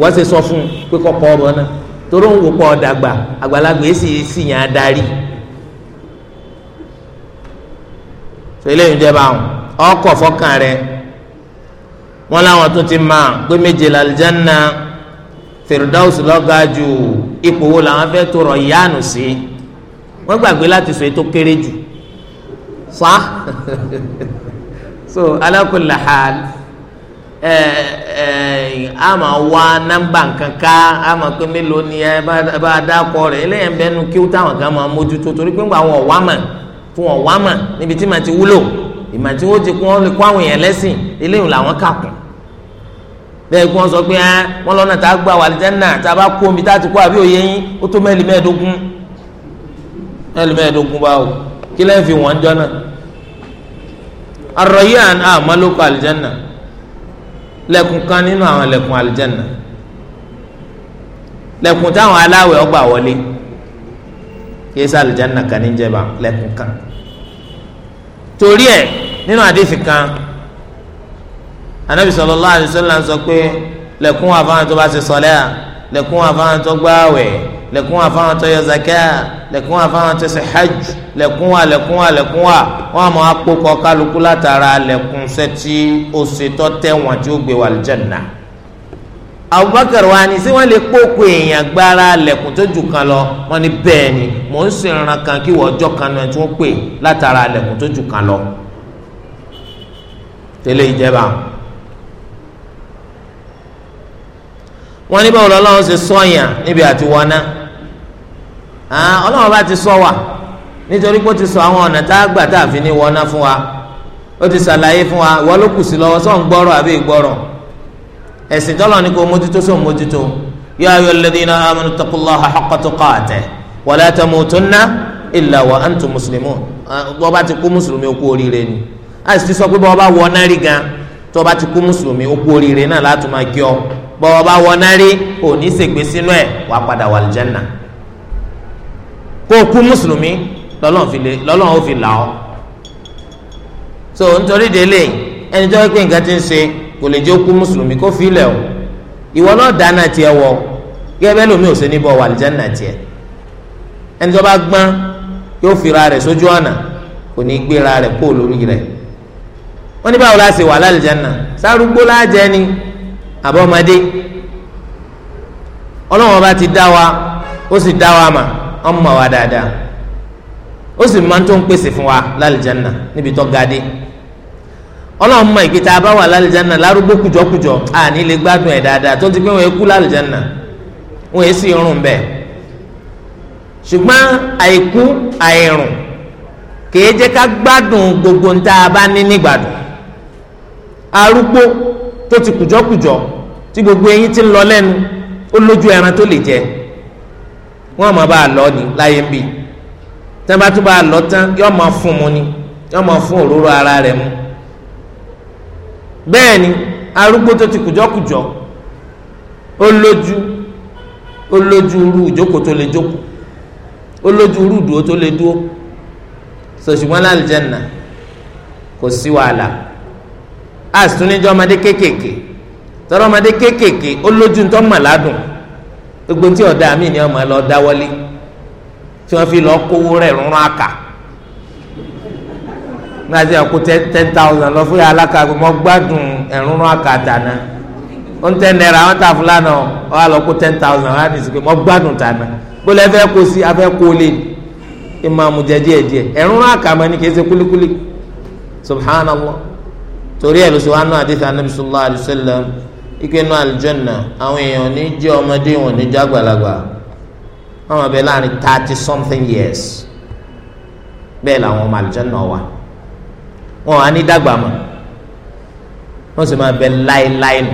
wọ́n ṣe sọ fún un pé kọ́kọ́ ọmọ náà torí òun wò pọ̀ ọ̀dàgbà àgbàlagbà èsì sì yàn á darí tó eléyìí jẹ́ báwọn ọkọ̀ fọ́kàn rẹ wọn làwọn tó ti máa pé méje làlìjánná fèrèdáwùsì lọ́gàá ju ipò wo làwọn fẹ́ tó rọ̀ yáànù sí wọ́n gbàgbé láti sọ ètò kéré jù fa so alákùnlé hàlì. a wa wá nọ́mbà kankan a máa pé mélòó ni ẹ bá dákọ rẹ̀ eléyẹn bẹnu kí ó táwọn kan máa mójútó torí pé ńgbà wọn wá mà fún wọn ti wúlò ìmọ̀ tí ti kún wọn lè kó àwọn èèyàn lẹ́sìn eléyìí làwọn kà kún bẹ́ẹ̀ kí wọ́n sọ pé a gba wàlìjẹ́nà tá a bá kó omi tá a ti kó àbí òye yín ó tó mẹ́lì mẹ́ẹ̀ẹ́dógún mẹ́lì mẹ́ẹ̀ẹ́dógún kí lẹ́yìn fi wọ́n jọ náà àmọ́ lẹ̀kùn kan nínú àwọn lẹ̀kùn alìjẹnà lẹ̀kùn táwọn aláwẹ̀ ọgbà wọlé yéésà alìjẹnà kan ní jẹba lẹ̀kùn kan torí ẹ̀ nínú àdéhìí kan anabi sallallahu alaihi wasallam sọ pé lẹ̀kùn àfahàn tó bá ti sọlẹ à lẹ̀kùn àfahàn tó gbààwẹ̀ lẹ̀kún wà fáwọn tó yọ zakat lẹ̀kún wà fáwọn tó ṣe hajj lẹ̀kún wà lẹ̀kún wà lẹ̀kún wà wọn àmọ́ akpọkọ kálukú látara lẹ̀kún sẹ́tí òṣètọ́ tẹ̀ tí ó gbé wà lìjẹ̀nà. Abubakar wa ni sí wọn lè kpókò èèyàn gbára lẹ̀kùn tó jù kan lọ wọn ni bẹ́ẹ̀ ni mò ń sìn ìran kan kí wọ́n ọjọ́ kan náà tí wọ́n pè látara lẹ̀kùn tó jù kan lọ. tẹ́lẹ̀ ìjẹba wọ́n ní báwo lọ́lọ́run ṣe sọ́yàn níbi àti wọná ọlọ́run bá ti sọ wà nítorí pé ó ti sọ àwọn ọ̀nà tá a gbà tá a fi ní wọná fún wa ó ti ṣàlàyé fún wa ìwọ ló kù sí lọ́wọ́ sọ̀ ń gbọ́rọ̀ àbí ìgbọ́rọ̀ ẹ̀sìn tọ́lọ̀ ní kò mójútó sọ̀ mójútó ya ayyuhalladhina amanu taqullaha haqqa tuqatih wa la tamutunna illa wa antum muslimun bọ́ bá ti kú mùsùlùmí ó oríire ni a sọ pé bọ́ bá wọ náà gan tó bá ti kú mùsùlùmí ó oríire náà láti máa bọ́ọ̀ bá wọná rí òní ṣègbè sínú ẹ̀ wàá padà wà lìjẹ́nà kó o kú mùsùlùmí lọ́lọ́run ó fi là ọ́ so nítorí délé ẹni tó pé nǹkan ti ń ṣe kò lè jẹ́ ó kú mùsùlùmí kó fi ilẹ̀ o ìwọ náà dáná tiẹ̀ wọ gẹ́gẹ́ bẹ́ẹ̀ lómi ò ṣe ní bọ́ọ̀ wà lìjẹ́nà tiẹ̀ ẹni tó bá gbọ́n yóò fira rẹ̀ sójú ọ̀nà kò ní gbéra rẹ̀ kó lórí rẹ̀ wọ́n ní báwo la ṣe wà lálìjẹ́nà sárúgbó lájẹ́ ni àbọ̀mọdé ọlọ́wọ́n bá ti dá wa ó sì dá wa mà ọmọ wa dáadáa ó sì máa ń tó ń pèsè fún wa lálìjánà níbi tó ga dé ọlọ́run mọ ìpè tá a bá wà lálìjánà lárúgbó kùjọkùjọ àní lè gbádùn ẹ̀ dáadáa tó ti pé wọ́n kú lálìjánà wọ́n yẹn sì rùn bẹ́ẹ̀ ṣùgbọ́n àìkú àìrùn kìí jẹ́ ká gbádùn gbogbo ń tá a bá ní nígbàdùn arúgbó tó ti kùjọkùjọ tí gbogbo eyín ti ń lọ lẹ́nu ó lójú ẹran tó lè jẹ wọn máa bá a lọ ni láyé ń bì tí wọn bá tún bá a lọ tán yóò máa fún mu ni yóò máa fún òróró ara rẹ̀ mu bẹ́ẹ̀ ni arúgbó tó ti kùjọ́kùjọ́ ó lójú ó lójú irú ìjókòó tó lè jókòó ó lójú irú ìdúró tó lè dúró sòṣùgbọ́n lálẹ́ nà kò sí wàhálà àsùnìjọ́ ọmọdé kéékèèké tọrọ ọmọdé kéékèèké ó lójú ń tọ́mọ̀ ládùn gbogbo tí ọ̀dà mi ni ọmọ lọ dáwọ́lé tí wọ́n fi lọ kówó rẹ̀ rún àkà náà ti ọkọ ten thousand lọ fún alaka mọ gbádùn ẹ̀rún rún àkà dáná ó ń tẹ náírà wọn tà fúlànà ọ wà lọ kó ten thousand wọn á ní sìkè mọ gbádùn tàná bólú ẹ kó sí afẹ́ kó lé ìmàmù jẹ díẹ̀ díẹ̀ ẹ̀rún àkà mọ ni kì í ṣe kúlíkúlí subhanallah torí ẹ̀ ló ṣe wá náà àdéhùn anabi sallallahu alayhi wa sallam ike nu aljanna àwọn èèyàn ní jẹ́ ọmọdé wọn ní jẹ́ àgbàlagbà àwọn abẹ láàrin thirty something years bẹ́ẹ̀ làwọn ọmọ aljanna wà wọn á ní dàgbà mọ́ wọn sì máa bẹ láéláé nù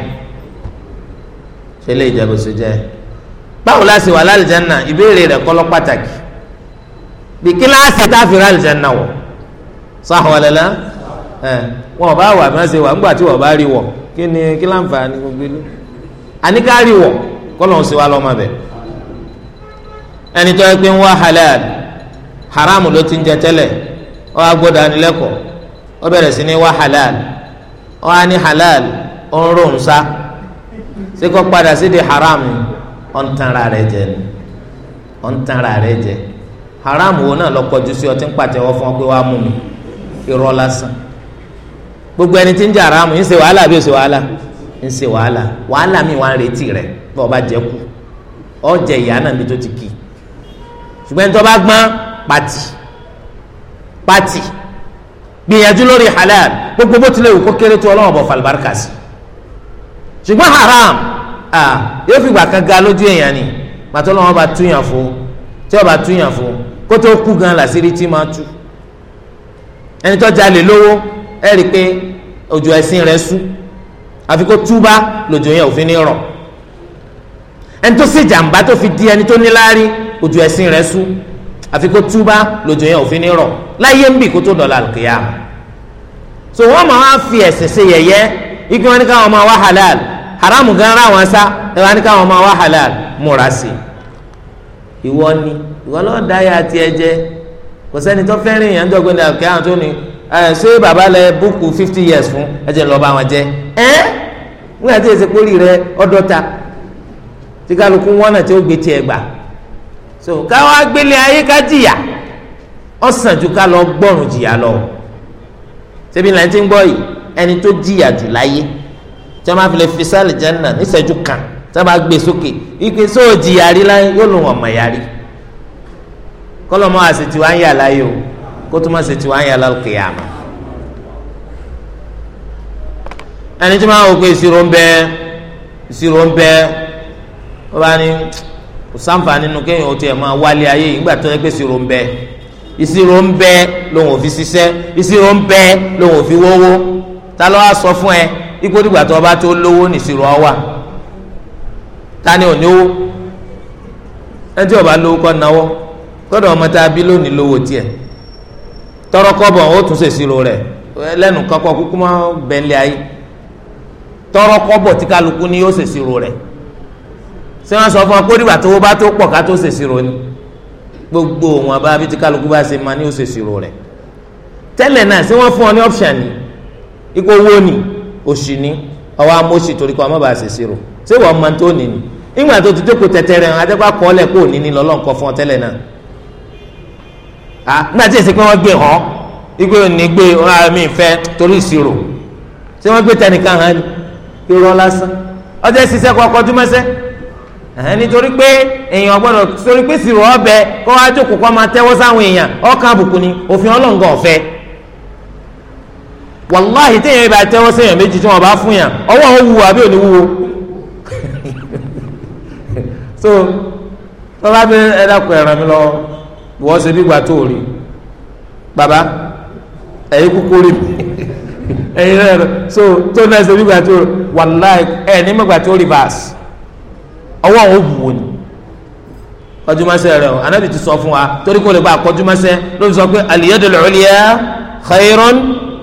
ṣe lè jẹ gbèsè jẹ báwo la ṣe wà lálìjánná ìbéèrè rẹ̀ kọ́ ló pàtàkì bí kíláàsì tá a fi lálìjánná wọ̀ sáwọn ọ̀lẹ́lá ẹ̀ wọn bá wà má ṣe wà ńgbà tí wọ́n bá rí wọ̀ kí ni kí láǹfààní gbogbo ilé àníkárí wọ kọlọ̀ ń siwá lọ́mọ bẹ̀ ẹni tó yẹ pé ń wá halal haram ló ti ń jẹ tẹ́lẹ̀ ó wá gbọ́dọ̀ anilẹ́kọ̀ọ́ ó bẹ̀rẹ̀ sí ní wá halal ó wá ní halal ó ń rò ń sá ṣé kó padà sí di haram ó ń tan ara rẹ̀ jẹ ni ó ń tan ara rẹ̀ jẹ haram wo náà lọ kọjú sí ọ ti ń pàtẹ́wọ́ fún ọ pé wàá mú mi irọ́ lásán gbogbo ẹni tí ń jà aráàmù ń ṣe wàhálà àbí ń ṣe wàhálà ń ṣe wàhálà wàhálà mi wà ń retí rẹ bọ́ọ̀ bá jẹ kú ọ jẹ ìyá náà níbi tó ti kì í ṣùgbọ́n ẹni tó bá gbọ́n pati pati gbìyànjú lórí halal gbogbo bó tilẹ̀ wù kó kéré tó ọlọ́wọ́ bọ̀ falibarika sí ṣùgbọ́n haram ah yóò fi gbà kan ga lójú èèyàn ni màtí ọlọ́wọ́ bá túyàn fún tí ọba túyàn fún kó tó kú gan làṣírí tí máa tú ẹni tó jalè lówó ẹ rí i pé òjò ẹ̀sìn rẹ̀ sú àfi kó túbá lòjò yẹn òfin ní rọ̀ ẹni tó sì jàǹbá tó fi di ẹni tó níláárí òjò ẹ̀sìn rẹ̀ sú àfi kó túbá lòjò yẹn òfin ní rọ̀ láyé ń bì kó tó dọ̀là kìyà so wọ́n máa fi ẹ̀sìn ṣe yẹ̀yẹ́ igi wọn ni káwọn máa wá halal haramu gan ra wọn sá ẹ ni káwọn máa wá halal múra sí ìwọ ni ìwọ lọ́ọ́ dáyà tiẹ̀ jẹ kò sẹ́ni tó fẹ́ràn èèyàn dọ́gbẹ́ni àkẹ́hàn tó ni ṣé Baba lẹ búkú fifty years fún ẹ jẹ́ lọ́ọ́ bá wọn jẹ́ ẹ́ wọ́n àti ẹ̀sẹ̀ pólì rẹ ọ̀dọ́ta tí kálukú wọn náà tí ó gbé tiẹ̀ gbà so káwá gbélé ayé ká jìyà ọ̀sán ju ká lọ gbọ́rùn jìyà lọ ṣébi náà ti ń gbọ́ yìí ẹni tó jìyà jù láyé tí wọ́n máa fi lè fi sálì jẹ́nà níṣẹ́jú kan tí wọ́n bá gbé sókè ìpè sóò jìyà rí láyé yóò lò wọ́n mọ̀ yá rí kọ́lọ́mọ́ àṣetì wá ń yà láyé o. kó tó tiwa ń ẹni tí máa wò pé ìṣirò ń bẹ ìṣirò bá nínú kéèyàn ó tiẹ̀ máa wálé ayé ìgbà tó ọ pé ìṣirò ń bẹ lòun ò fi ṣiṣẹ́ ìṣirò ń fi wọ́wọ́ ta ló wá sọ fún ẹ ikú dìgbà tó ọba tó lówó ta ni ò ní ẹni tí ọba lówó kọ́ náwó ọmọ tá a bí tọrọkọbọ ó tún ṣèṣirò rẹ̀ lẹ́nu kankọ kúkú máa bẹnlẹ ayé tọrọkọbọ tí kálukú ni yóò ṣèṣirò rẹ̀ ṣé wọn sọ fún wa kó dìgbà tó bá tó pọ̀ ká tó ṣèṣirò ni gbogbo wọn bá bí tí kálukú bá ṣe máa ní yóò ṣèṣirò rẹ̀ tẹ́lẹ̀ náà ṣé wọn fún ọ ní option ni ikú owó ni òṣì ni ọwọ amóṣì torí kọ ọmọ bá ṣèṣirò ṣé wọn máa tó nìyí ìgbà tó ti dé kó tẹtẹrẹ hàn adẹ́pàá kọ́ ọ lẹ̀ kó òní ni lọ́lọ́ nígbà tí èsì pé wọ́n gbé hàn igbe òní gbé ọ̀rọ̀ ah, mi fẹ́ torí ìṣirò ṣé wọ́n gbé tẹnìkan hàn ní irọ́ lásán ọjọ́ ìṣiṣẹ́ kọ́ ọkọ̀ ẹ̀hẹ́n nítorí pé èèyàn gbọ́dọ̀ torí pé ìṣirò ọbẹ̀ kọ́ wá jókòó kọ́ máa tẹ́wọ́ sáwọn èèyàn ọkàn àbùkù ni òfin ọlọ́ngàn ọ̀fẹ́ wàláhì téèyàn ibà tẹ́wọ́ séèyàn méjì tí wọ́n bá fún yàn ọwọ́ ò àbí òní wúwo wọ́n ṣe bí gbà tó rí bàbá ẹ̀yin kúkú rí mi ẹ̀yin rẹ̀ so tó náà ṣe bí gbà tó rí wàláì ẹ̀ ní mọ̀gbà tó rí báàsì ọwọ́ àwọn òbúwo ni kọjúmọ́sẹ́ rẹ̀ o anábì ti sọ fún wa torí kò lè bá kọjúmọ́sẹ́ ló sọ pé al-yadul ulya khayrun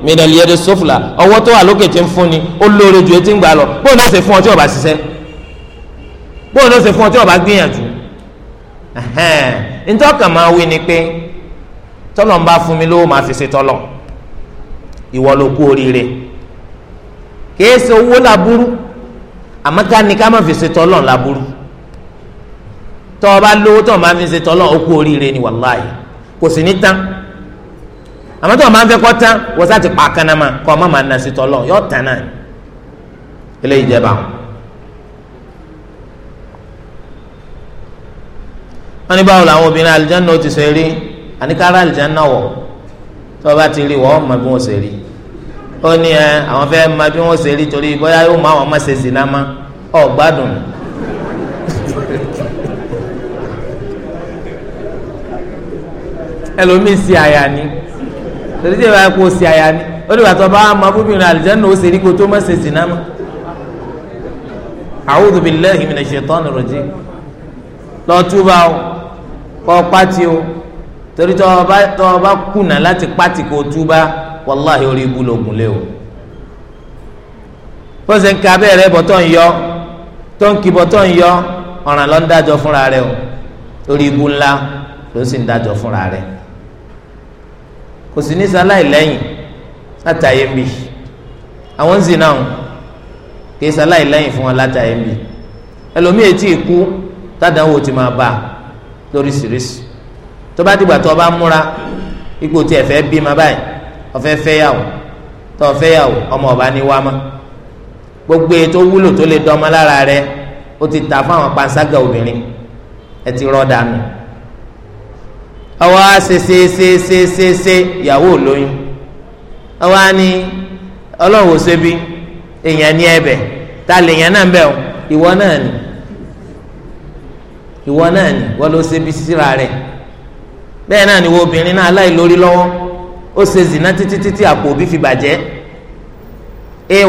min al-yadis sufla ọwọ́ tó wà lókè tí ń fún ni ó lóore ju etí ń gbà lọ bóun náà ṣe fún ọ tí o bá ṣiṣẹ́ bóun náà ṣe fún ọ tí o gbìyànjú ntọ́ka máa wí ni pé tọ́lọ̀ ń bá fún mi lówó máa fi ṣe tọ́lọ̀ ìwọ ló kú oríire kìí ṣe laburu àmọ́ ká ní ká má fi ṣe tọ́lọ̀ laburu tọ́ ọ bá lówó tọ́ ọ bá fi ṣe tọ́lọ̀ ó kú oríire ni wàláyé kò sì ní tán àmọ́ ma o na sí tọ́lọ̀ yọ tán náà wọ́n ní báwo làwọn obìnrin alìjáná ti ṣe rí àníkárá alìjáná wọ̀ tí wọ́n bá ti rí wọ́n mọ bí wọ́n ṣe rí ó ní ẹ àwọn fẹ́ mọ bí wọ́n ṣe rí torí bóyá yóò mọ àwọn ọmọ ṣe sì náà má ọ̀ gbádùn. ẹlòmíì sí àyà ni torí tí ìbára kó sí àyà ni ó dìgbà tó bá mọ bóbìnrin alìjáná ó ṣe rí kó tó mọ ṣe sì náà má. a'udhu billahi minash shaitani rajim lọ́ọ́ túbà ó kọ́ pátì o torí tọ́ ọba tọ́ ọba kùnà láti pátì kò túbá wàláhì orí ibu lògùn lé o bó ṣe ń ka abẹ́rẹ́ bọ́tọ̀ ń yọ tó ń kí bọ́tọ̀ ń yọ ọ̀ràn ló ń dájọ́ fúnra rẹ o orí ibu ńlá ló sì ń dájọ́ fúnra rẹ kò sí ní sáláì lẹ́yìn látàyè ń àwọn ń zina o kì í sáláì lẹ́yìn fún wọn látàyè ń bì ẹlòmíì etí ikú tádàáwò ti máa bá a lóríṣiríṣi tó bá dìgbà tó o bá múra ipò tí ẹ fẹ́ bí ma báyìí ọfẹ́ fẹ́yàwó tó o fẹ́yàwó ọmọ ọba ní wá ma gbogbo ètò wúlò tó lè dánmọ lára rẹ ó ti ta fáwọn panṣágà obìnrin ẹ ti rọ dànù ọwọ́ ṣeṣeṣeṣeṣe ìyàwó lóyún ọwọ́ á ní ọlọ́wọ́ ṣe bí èèyàn ní ẹ̀bẹ̀ ta lèèyàn náà ń bẹ̀ ọ́ ìwọ náà ni. ìwọ náà ni wọ́n síra rẹ̀ bẹ́ẹ̀ náà ni wo obìnrin náà aláìlórí lọ́wọ́ ó ṣe zina títí títí àpò òbí fi bàjẹ́ ẹ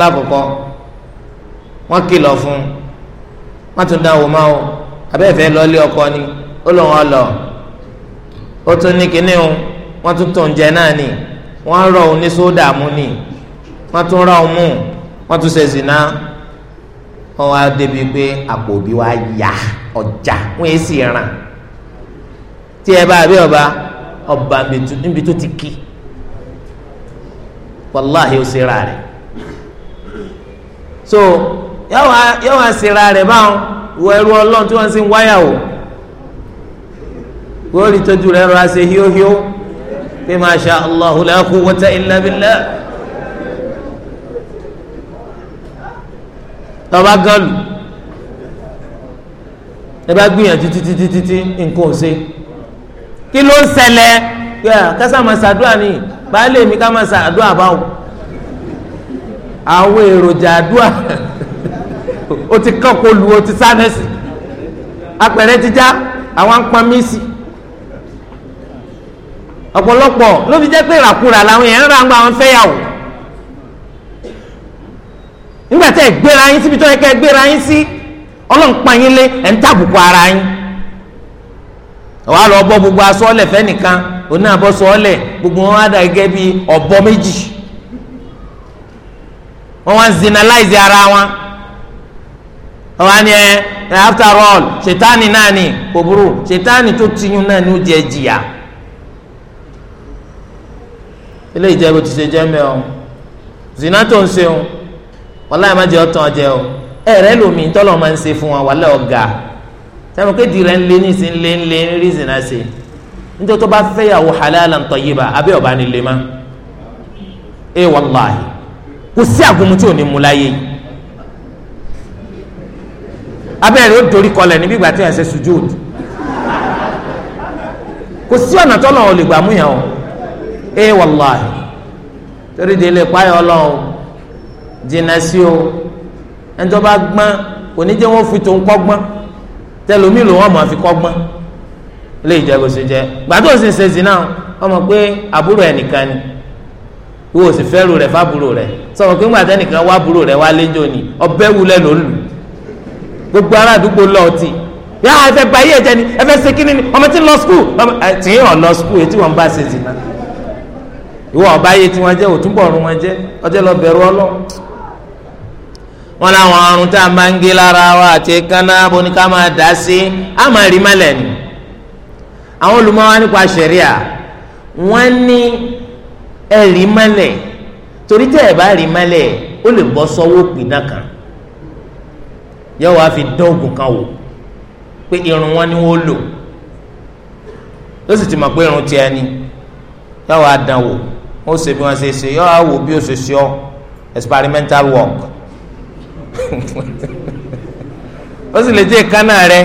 lákòókò fún wọ́n tún máa ọkọ ni ó wọn lọ ó tún ní o tún tó ń jẹ náà wọn wá débi pé àpò òbí wa yà ọjà wọn èsì ràn tí ẹ bá àbí ọba ọba níbi tó ti kí wàláhì ó sera rẹ so yóò wá sera rẹ báwọn wọ ẹrú ọlọ́run tí wọ́n sì ń wáyà o wọ́n rí tójú rẹ rọra ṣe híóhíó pé masha Allahu la quwwata illa billah. tọba gánlù ẹ bá gbìyànjú títí títí tí nǹkan ò ṣe kí ló ń ṣẹlẹ̀ kẹsàn-án máa ṣàdúrà ni baálé mi ká máa ṣàdúrà báwo àwọn èròjà àdúrà o ti kọ́kọ́ lu o ti sánẹ́sì apẹ̀rẹ̀ ti já àwọn apamísì ọ̀pọ̀lọpọ̀ ló fi jẹ́ pé ìràkúrà làwọn èèyàn ń ra àwọn fẹ́yàwó. nígbà tẹ́ ẹ gbéra yín síbi tó yẹ kẹ́ ẹ gbéra yín sí ọlọ́run yín lé ẹ̀ ń tàbùkù ara yín lọ bọ́ gbogbo asọ́ọ̀lẹ̀ oní gbogbo wọn á bí ọ̀bọ méjì wọ́n wá ń zinalize ara wọn wọ́n á ẹ after all ṣètánì náà ni kò burú ṣètánì wàlá àmàjẹ ọtàn ọjẹ o ẹrẹ lomi tọlọ máa ń ṣe fún wa wàlá ọgà sẹmu kéde rẹ ń lé ní sí lé ń lé ń rí zina ṣe nítorí tó bá ọba ni lè má ẹ kò sí tí ò ní mu láyé rẹ ó dorí níbi ìgbà tí ṣe kò sí ọ̀nà tọ́lọ̀ ò lè gbà mú yàn o ẹ wàláhi torí délé páyọ̀ ọlọ́run. jìnnà sí o ẹni tó bá gbọ́n oníjẹ́ wọn fi tó ń kọ́gbọ́n tẹlomi ló wọn mọ̀ fi kọ́gbọ́n lè jẹ́ bó ṣe jẹ́ gbàtó sì ń ṣe zina wọn mọ̀ pé àbúrò ẹnìkan ni wo sì fẹ́rù rẹ̀ fábúrò rẹ̀ sọ̀rọ̀ pé ńgbà tẹ́nìkan wá búrò rẹ̀ wá léjò ni ọbẹ̀ wulẹ̀ ló ń lù gbogbo ará àdúgbò lọ́ọ̀tì yà á fẹ́ gba ayé ẹ̀jẹ̀ ni ẹ fẹ́ ṣe kí ni ni ọmọ tí ń lọ skul tí ń lọ skul etí wọn bá ṣe zina ìwọ ọba ayé tí wọn jẹ òtúbọ̀rún wọn jẹ ọjọ́ lọ bẹ̀rù ọlọ́run wọn làwọn ọrùn tá a máa ń gé lára wa àti kánná bóni ká máa dá sí á máa rí mọ́lẹ̀ ni àwọn olùmọ̀wá nípa ṣẹ̀ríà wọ́n ní ẹ̀rí mọ́lẹ̀ torí tẹ́ ẹ̀ bá rí mọ́lẹ̀ ó lè bọ́ sọ́wọ́ pìdán kan yóò wá fi dán oògùn kan wò pé irun wọn ni wọ́n lò ó sì ti mọ̀ pé irun tiẹ̀ ni yóò wá dán wò ó ṣe bí wọ́n ṣe ṣe yóò wá wò bí ó ṣe ṣe ọ́ experimental work ó sì lè jẹ́ ìkánná rẹ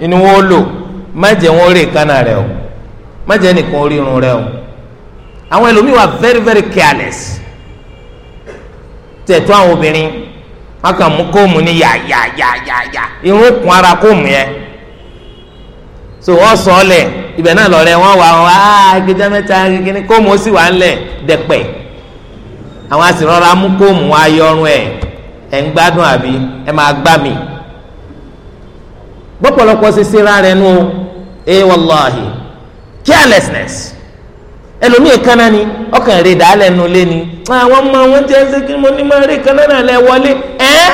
ni wọ́n lò má jẹ́ rí ìkánná rẹ o má jẹ́ nìkan orí irun rẹ o àwọn ẹlòmíì wà very very careless tẹ̀tọ́ àwọn obìnrin wọn kàn mú kóòmù ní yà irun kun ara kóòmù yẹn so wọ́n sọ náà wọn wà wọn ah, kóòmù ó sì wà ń àwọn mú kóòmù ẹ. ẹ̀ ń gbádùn àbí ẹ máa gbá mi bọ́pọ̀lọpọ̀ ṣe ṣe ra rẹ̀ nu ẹ wàláhì carelessness ẹlòmíì kaná ni ọkàn rè dá lẹ́nu lé ni àwọn ọmọ wọn jẹ́ ṣe kí mo ní máa rè kaná náà lẹ wọlé ẹ́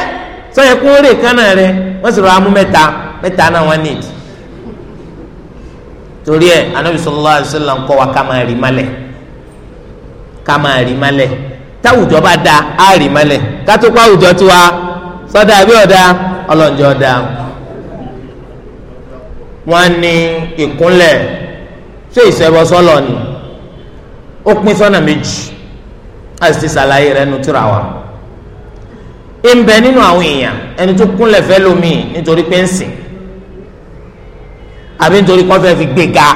sọ́yẹ kó rè kaná rẹ wọ́n sì rọ amú mẹ́ta mẹ́ta náà wọ́n nìdí torí ẹ anabi sallallahu alaihi wasallam ń wa ká máa rí ká máa rí táwùjọ bá da á rí kátópá àwùjọ tiwa sọ́dà àbí ọ̀dà ọlọ́njọ́ ọ̀dà wọ́n ní ìkúnlẹ̀ ṣé ìṣẹ́bọ sọ́lọ̀ ni ó pín sọ́nà méjì nu tíra wa ń bẹ nínú àwọn èèyàn ẹni tó kúnlẹ̀ fẹ́ lómi nítorí pé ń sìn àbí nítorí kọ́ fi gbé ga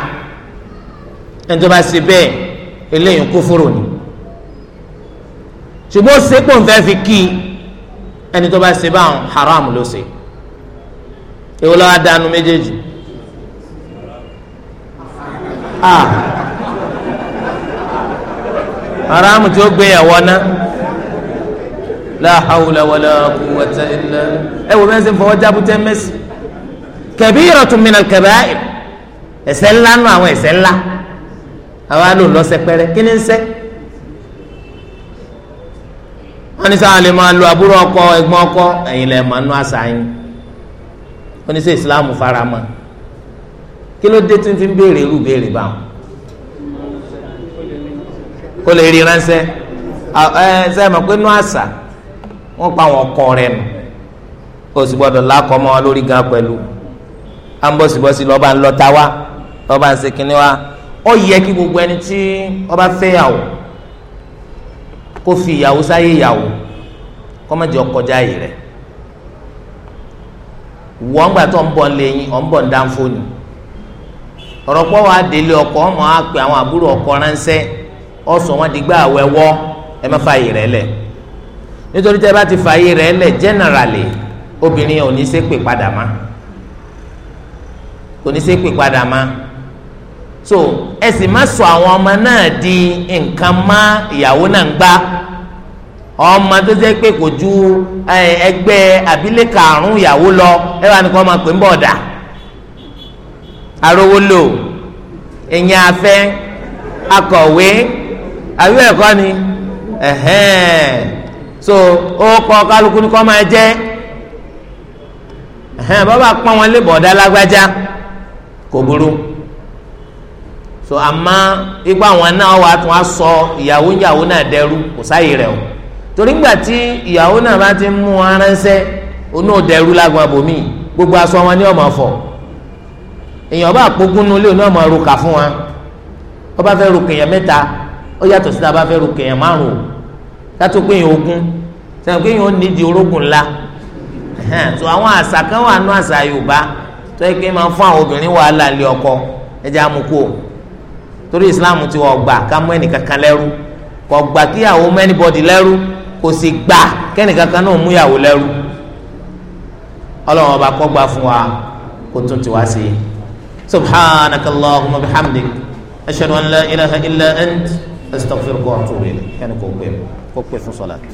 ẹni tó bá ṣe bẹ́ẹ̀ eléyìí kúfúrú ni ṣùgbọ́n ó ṣe pò ń fẹ́ fi kí ẹni tó bá ṣe báwọn haram ló ṣe èwo lọ́wọ́ dánú méjèèjì haram tí ó gbé ẹ̀wọ́ ná la hawla wala quwwata illa ẹ wò bẹ́ẹ̀ ṣe fọwọ́ jábútẹ́ mẹ́sì kabiratun minal kaba'ir ẹ̀ṣẹ̀ ńlá nù àwọn ẹ̀ṣẹ̀ ńlá àwa lò lọ́sẹ̀ pẹ́rẹ́ kí ni ń ṣẹ̀. wọ́n ní sáà lè máa lo àbúrò ọkọ ẹ̀gbọ́n ọkọ ẹ̀yin lẹ mọ̀ nú àṣà yín wọ́n ní sẹ ìsìláàmù faramọ́ kí ló dé tí n fi ń béèrè irú béèrè báwọn kó lè rí ránṣẹ́ ẹ ṣe mọ̀ pé nú àṣà wọ́n pa àwọn ọkọ rẹ̀ nù o sì gbọ́dọ̀ lákọ mọ lórí gan pẹ̀lú à ń bọ̀sibọ̀si lọ́ba ń lọ́ta wá lọ́ba ń ṣe kínní wá ó yẹ kí gbogbo ẹni tí ọba fẹ́yàwó kó fi ìyàwó sáyé ìyàwó kọ́mọ̀jì ọkọjá yìí rẹ̀ wọ́n gbà tó ń bọ̀ lẹ́yìn ọ̀ ń bọ̀ ń ọ̀rọ̀ pọ̀ wá délé ọkọ ọmọ á pè àwọn àbúrò ọkọ̀ ránṣẹ́ ọ̀sán wọn dìgbà àwẹ̀wọ́ ẹ má ti lẹ̀ obìnrin ò ní so ẹ sì má sọ àwọn ọmọ náà di ọmọ tó jẹ́ pé kò ju ẹgbẹ́ abilékà àrùn ìyàwó lọ ẹ wà ní kó máa pè ń bọ̀ arówó lò ìyẹn afẹ́ akọ̀wé àbí ni so ó kọ kálukú ní kó máa jẹ́ bàbá pọ́n wọn lágbájá kò burú so náà wà tún á sọ torí gbà tí ìyàwó náà bá ti mú wọn ránṣẹ́ onú òdẹrú lágùn abòmí gbogbo aṣọ wọn ni ọmọ fọ èèyàn bá àpógúnú lé oní ọmọ ruka fún wa ó bá fẹ́ ruka èèyàn mẹ́ta ó yàtọ̀ sí ta bá fẹ́ ruka èèyàn márùn ún kátó pé èèyàn ogún sẹ́yìn pé èèyàn ó nídìí orógùn ńlá tó àwọn àṣà kan wà nú àṣà Yorùbá tó yẹ kí máa fún àwọn obìnrin wàhálà lé ọkọ ẹjẹ amukó torí Islam ti wọ gbà ká mú ẹnì kankan lẹ́rú kò gbà kíyàwó mú ẹnìbọdì lẹ́rú kò sì gbà kẹ́nìkan kan náà mú ìyàwó lẹ́rú ọlọ́run ọba kó gbà fún wa kó tún tiwa sí i subhanaka allahumma bihamdik ashhadu an la ilaha illa ant astaghfiruka wa atubu ilayk kò pè kò pè fún sọlá.